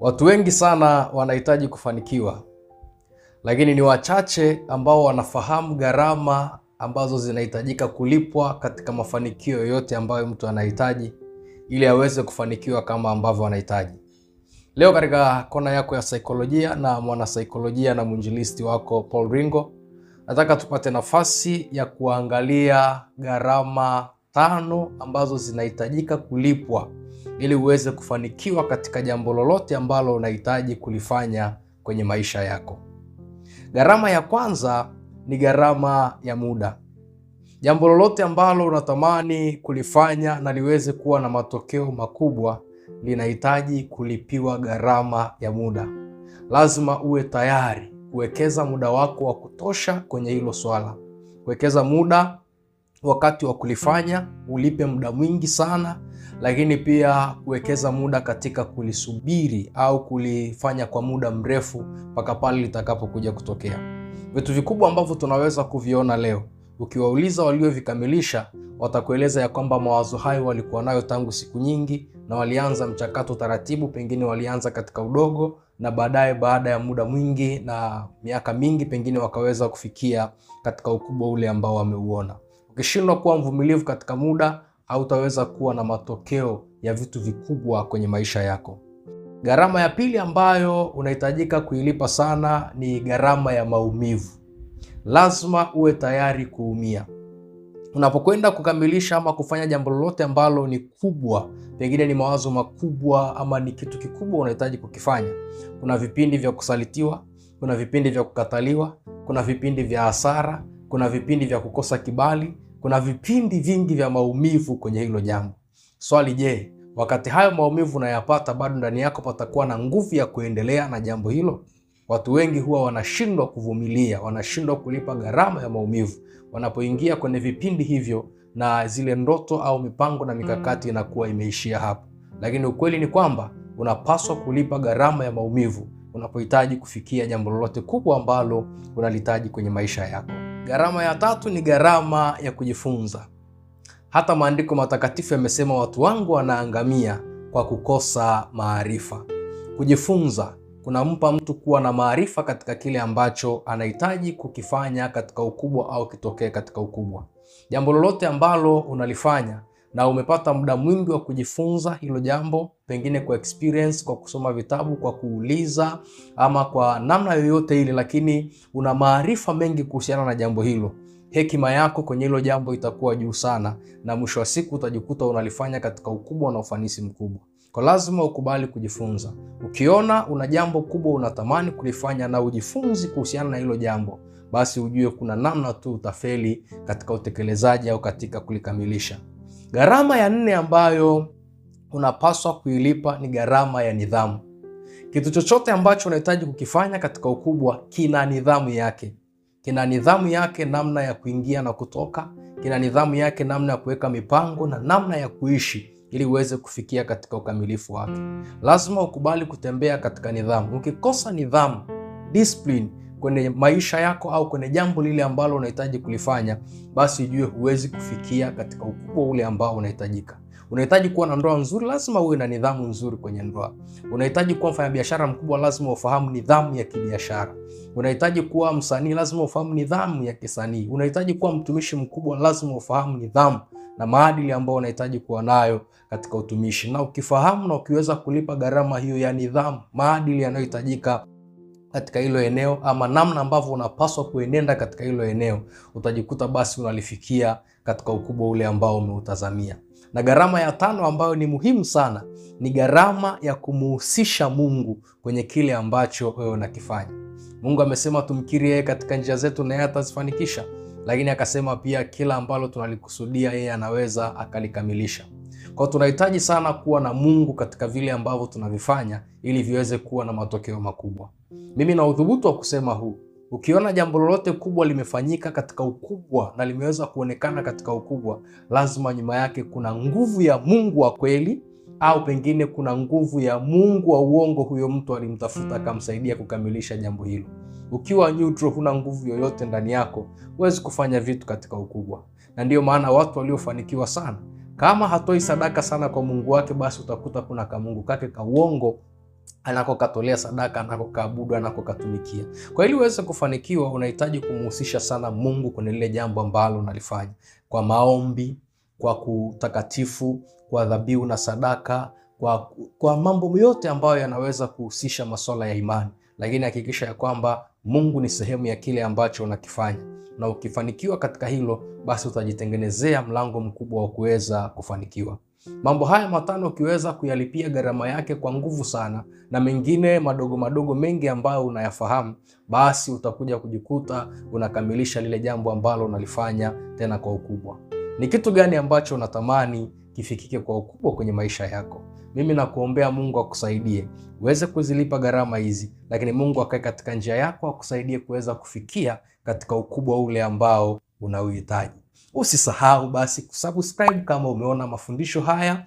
Watu wengi sana wanahitaji kufanikiwa, lakini ni wachache ambao wanafahamu gharama ambazo zinahitajika kulipwa katika mafanikio yoyote ambayo mtu anahitaji ili aweze kufanikiwa kama ambavyo anahitaji. Leo katika kona yako ya saikolojia na mwanasaikolojia na mwinjilisti wako Paul Ringo, nataka tupate nafasi ya kuangalia gharama tano ambazo zinahitajika kulipwa ili uweze kufanikiwa katika jambo lolote ambalo unahitaji kulifanya kwenye maisha yako. Gharama ya kwanza ni gharama ya muda. Jambo lolote ambalo unatamani kulifanya na liweze kuwa na matokeo makubwa linahitaji kulipiwa gharama ya muda. Lazima uwe tayari kuwekeza muda wako wa kutosha kwenye hilo swala, kuwekeza muda wakati wa kulifanya, ulipe muda mwingi sana lakini pia kuwekeza muda katika kulisubiri au kulifanya kwa muda mrefu mpaka pale litakapokuja kutokea. Vitu vikubwa ambavyo tunaweza kuviona leo, ukiwauliza waliovikamilisha watakueleza ya kwamba mawazo hayo walikuwa nayo tangu siku nyingi na walianza mchakato taratibu, pengine walianza katika udogo na baadaye, baada ya muda mwingi na miaka mingi, pengine wakaweza kufikia katika ukubwa ule ambao wameuona. Ukishindwa kuwa mvumilivu katika muda hautaweza kuwa na matokeo ya vitu vikubwa kwenye maisha yako. Gharama ya pili ambayo unahitajika kuilipa sana ni gharama ya maumivu. Lazima uwe tayari kuumia unapokwenda kukamilisha ama kufanya jambo lolote ambalo ni kubwa, pengine ni mawazo makubwa ama ni kitu kikubwa unahitaji kukifanya. Kuna vipindi vya kusalitiwa, kuna vipindi vya kukataliwa, kuna vipindi vya hasara, kuna vipindi vya kukosa kibali, kuna vipindi vingi vya maumivu kwenye hilo jambo. Swali, je, wakati hayo maumivu unayapata bado ndani yako patakuwa na nguvu ya kuendelea na jambo hilo? Watu wengi huwa wanashindwa kuvumilia, wanashindwa kulipa gharama ya maumivu wanapoingia kwenye vipindi hivyo, na zile ndoto au mipango na mikakati mm. inakuwa imeishia hapo. Lakini ukweli ni kwamba unapaswa kulipa gharama ya maumivu unapohitaji kufikia jambo lolote kubwa ambalo unalihitaji kwenye maisha yako. Gharama ya tatu ni gharama ya kujifunza. Hata maandiko matakatifu yamesema watu wangu wanaangamia kwa kukosa maarifa. Kujifunza kunampa mtu kuwa na maarifa katika kile ambacho anahitaji kukifanya katika ukubwa au kitokee katika ukubwa. Jambo lolote ambalo unalifanya na umepata muda mwingi wa kujifunza hilo jambo, pengine kwa experience, kwa kusoma vitabu, kwa kuuliza ama kwa namna yoyote ile, lakini una maarifa mengi kuhusiana na jambo hilo hekima yako kwenye hilo jambo itakuwa juu sana, na mwisho wa siku utajikuta unalifanya katika ukubwa na ufanisi mkubwa. Kwa lazima ukubali kujifunza. Ukiona una jambo kubwa unatamani kulifanya na ujifunzi kuhusiana na hilo jambo, basi ujue kuna namna tu utafeli katika utekelezaji au katika kulikamilisha. Gharama ya nne ambayo unapaswa kuilipa ni gharama ya nidhamu. Kitu chochote ambacho unahitaji kukifanya katika ukubwa kina nidhamu yake, kina nidhamu yake, namna ya kuingia na kutoka, kina nidhamu yake, namna ya kuweka mipango na namna ya kuishi ili uweze kufikia katika ukamilifu wake. Lazima ukubali kutembea katika nidhamu. Ukikosa nidhamu, discipline kwenye maisha yako au kwenye jambo lile ambalo unahitaji kulifanya, basi ujue huwezi kufikia katika ukubwa ule ambao unahitajika. Unahitaji kuwa na ndoa nzuri, lazima uwe na nidhamu nzuri kwenye ndoa. Unahitaji kuwa mfanyabiashara mkubwa, lazima ufahamu nidhamu ya kibiashara. Unahitaji kuwa msanii, lazima ufahamu nidhamu ya kisanii. Unahitaji kuwa mtumishi mkubwa, lazima ufahamu nidhamu na maadili ambayo unahitaji kuwa nayo katika utumishi. Na ukifahamu na ukiweza kulipa gharama hiyo ya nidhamu, maadili yanayohitajika katika hilo eneo ama namna ambavyo unapaswa kuenenda katika hilo eneo, utajikuta basi unalifikia katika ukubwa ule ambao umeutazamia. Na gharama ya tano ambayo ni muhimu sana ni gharama ya kumuhusisha Mungu kwenye kile ambacho wewe unakifanya. Mungu amesema tumkiri yeye katika njia zetu na yeye atazifanikisha, lakini akasema pia kila ambalo tunalikusudia yeye anaweza akalikamilisha. Kwa tunahitaji sana kuwa na Mungu katika vile ambavyo tunavifanya ili viweze kuwa na matokeo makubwa. Mimi na udhubutu wa kusema huu, ukiona jambo lolote kubwa limefanyika katika ukubwa na limeweza kuonekana katika ukubwa, lazima nyuma yake kuna nguvu ya Mungu wa kweli, au pengine kuna nguvu ya Mungu wa uongo, huyo mtu alimtafuta akamsaidia kukamilisha jambo hilo. Ukiwa neutral, huna nguvu yoyote ndani yako, huwezi kufanya vitu katika ukubwa. Na ndiyo maana watu waliofanikiwa sana, kama hatoi sadaka sana kwa Mungu wake, basi utakuta kuna kamungu kake ka uongo anakokatolea sadaka, anakokaabudu, anakokatumikia. Kwa ili uweze kufanikiwa, unahitaji kumhusisha sana Mungu kwenye lile jambo ambalo unalifanya, kwa maombi, kwa kutakatifu, kwa dhabihu na sadaka, kwa, kwa mambo yote ambayo yanaweza kuhusisha masuala ya imani, lakini hakikisha ya kwamba Mungu ni sehemu ya kile ambacho unakifanya, na ukifanikiwa katika hilo, basi utajitengenezea mlango mkubwa wa kuweza kufanikiwa. Mambo haya matano ukiweza kuyalipia gharama yake kwa nguvu sana, na mengine madogo madogo mengi ambayo unayafahamu, basi utakuja kujikuta unakamilisha lile jambo ambalo unalifanya tena kwa ukubwa. Ni kitu gani ambacho unatamani kifikike kwa ukubwa kwenye maisha yako? Mimi nakuombea Mungu akusaidie uweze kuzilipa gharama hizi, lakini Mungu akae katika njia yako akusaidie kuweza kufikia katika ukubwa ule ambao unauhitaji usisahau basi kusubscribe kama umeona mafundisho haya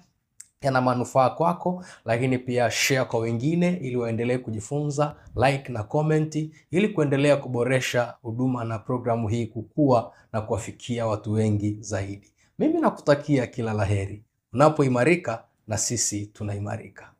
yana manufaa kwako, lakini pia share kwa wengine ili waendelee kujifunza, like na comment, ili kuendelea kuboresha huduma na programu hii kukua na kuwafikia watu wengi zaidi. Mimi nakutakia kila laheri. Unapoimarika na sisi tunaimarika.